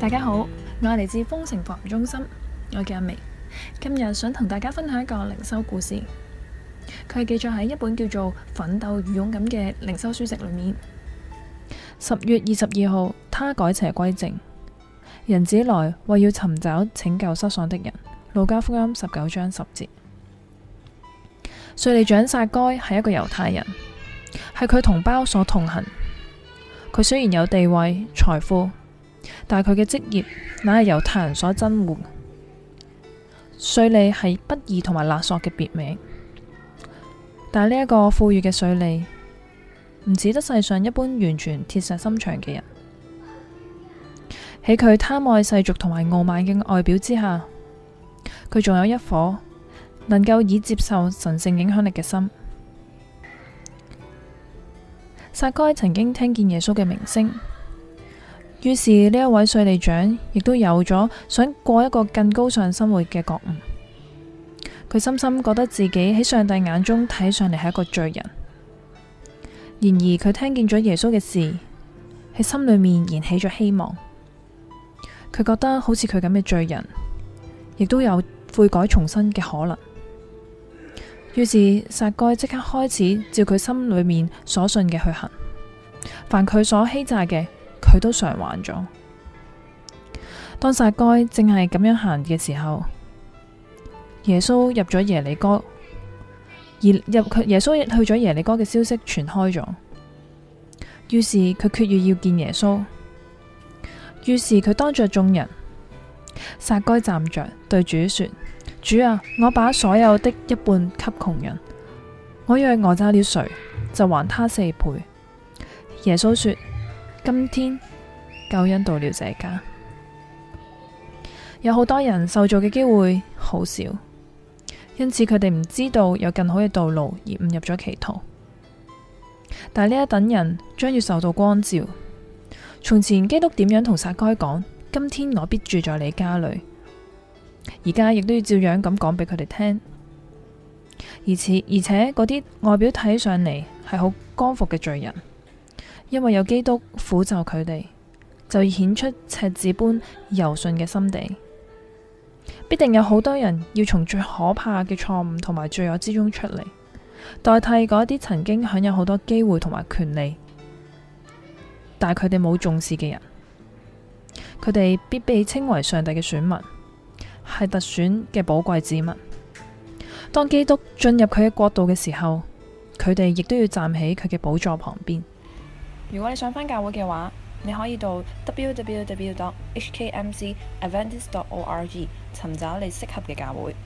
大家好，我係嚟自豐城防務中心，我叫阿明，今日想同大家分享一個靈修故事，佢係記載喺一本叫做《奮鬥與勇敢》嘅靈修書籍裏面。十月二十二號，他改邪歸正，人子來為要尋找拯救失喪的人。路加福音十九章十節，敘利亞撒該係一個猶太人，係佢同胞所同行。佢雖然有地位財富。但佢嘅職業，乃係由他人所真活。稅吏係不義同埋勒索嘅別名。但呢一個富裕嘅稅吏，唔似得世上一般完全鐵石心腸嘅人。喺佢貪愛世俗同埋傲慢嘅外表之下，佢仲有一顆能夠以接受神聖影響力嘅心。撒該曾經聽見耶穌嘅名聲。於是呢一位稅吏長亦都有咗想過一個更高尚生活嘅覺悟，佢深深覺得自己喺上帝眼中睇上嚟係一個罪人。然而佢聽見咗耶穌嘅事，喺心裏面燃起咗希望。佢覺得好似佢咁嘅罪人，亦都有悔改重生嘅可能。於是撒該即刻開始照佢心裏面所信嘅去行，凡佢所欺詐嘅。佢都償還咗。當撒該正係咁樣行嘅時候，耶穌入咗耶利哥，耶，耶穌去咗耶利哥嘅消息傳開咗。於是佢決意要見耶穌，於是佢當着眾人，撒該站着對主說：主啊，我把所有的一半給窮人，我若我詐了誰，就還他四倍。耶穌說。今天救恩到了這家，有好多人受造嘅機會好少，因此佢哋唔知道有更好嘅道路，而誤入咗歧途。但呢一等人將要受到光照。從前基督點樣同撒該講？今天我必住在你家裏。而家亦都要照樣咁講俾佢哋聽。而且而且嗰啲外表睇上嚟係好光復嘅罪人。因為有基督輔助，佢哋就顯出赤子般柔順嘅心地。必定有好多人要從最可怕嘅錯誤同埋罪惡之中出嚟，代替嗰啲曾經享有好多機會同埋權利，但佢哋冇重視嘅人。佢哋必被稱為上帝嘅選民，係特選嘅寶貴子民。當基督進入佢嘅國度嘅時候，佢哋亦都要站喺佢嘅寶座旁邊。如果你想返教會嘅話，你可以到 www.hkmcadventist.org 尋找你適合嘅教會。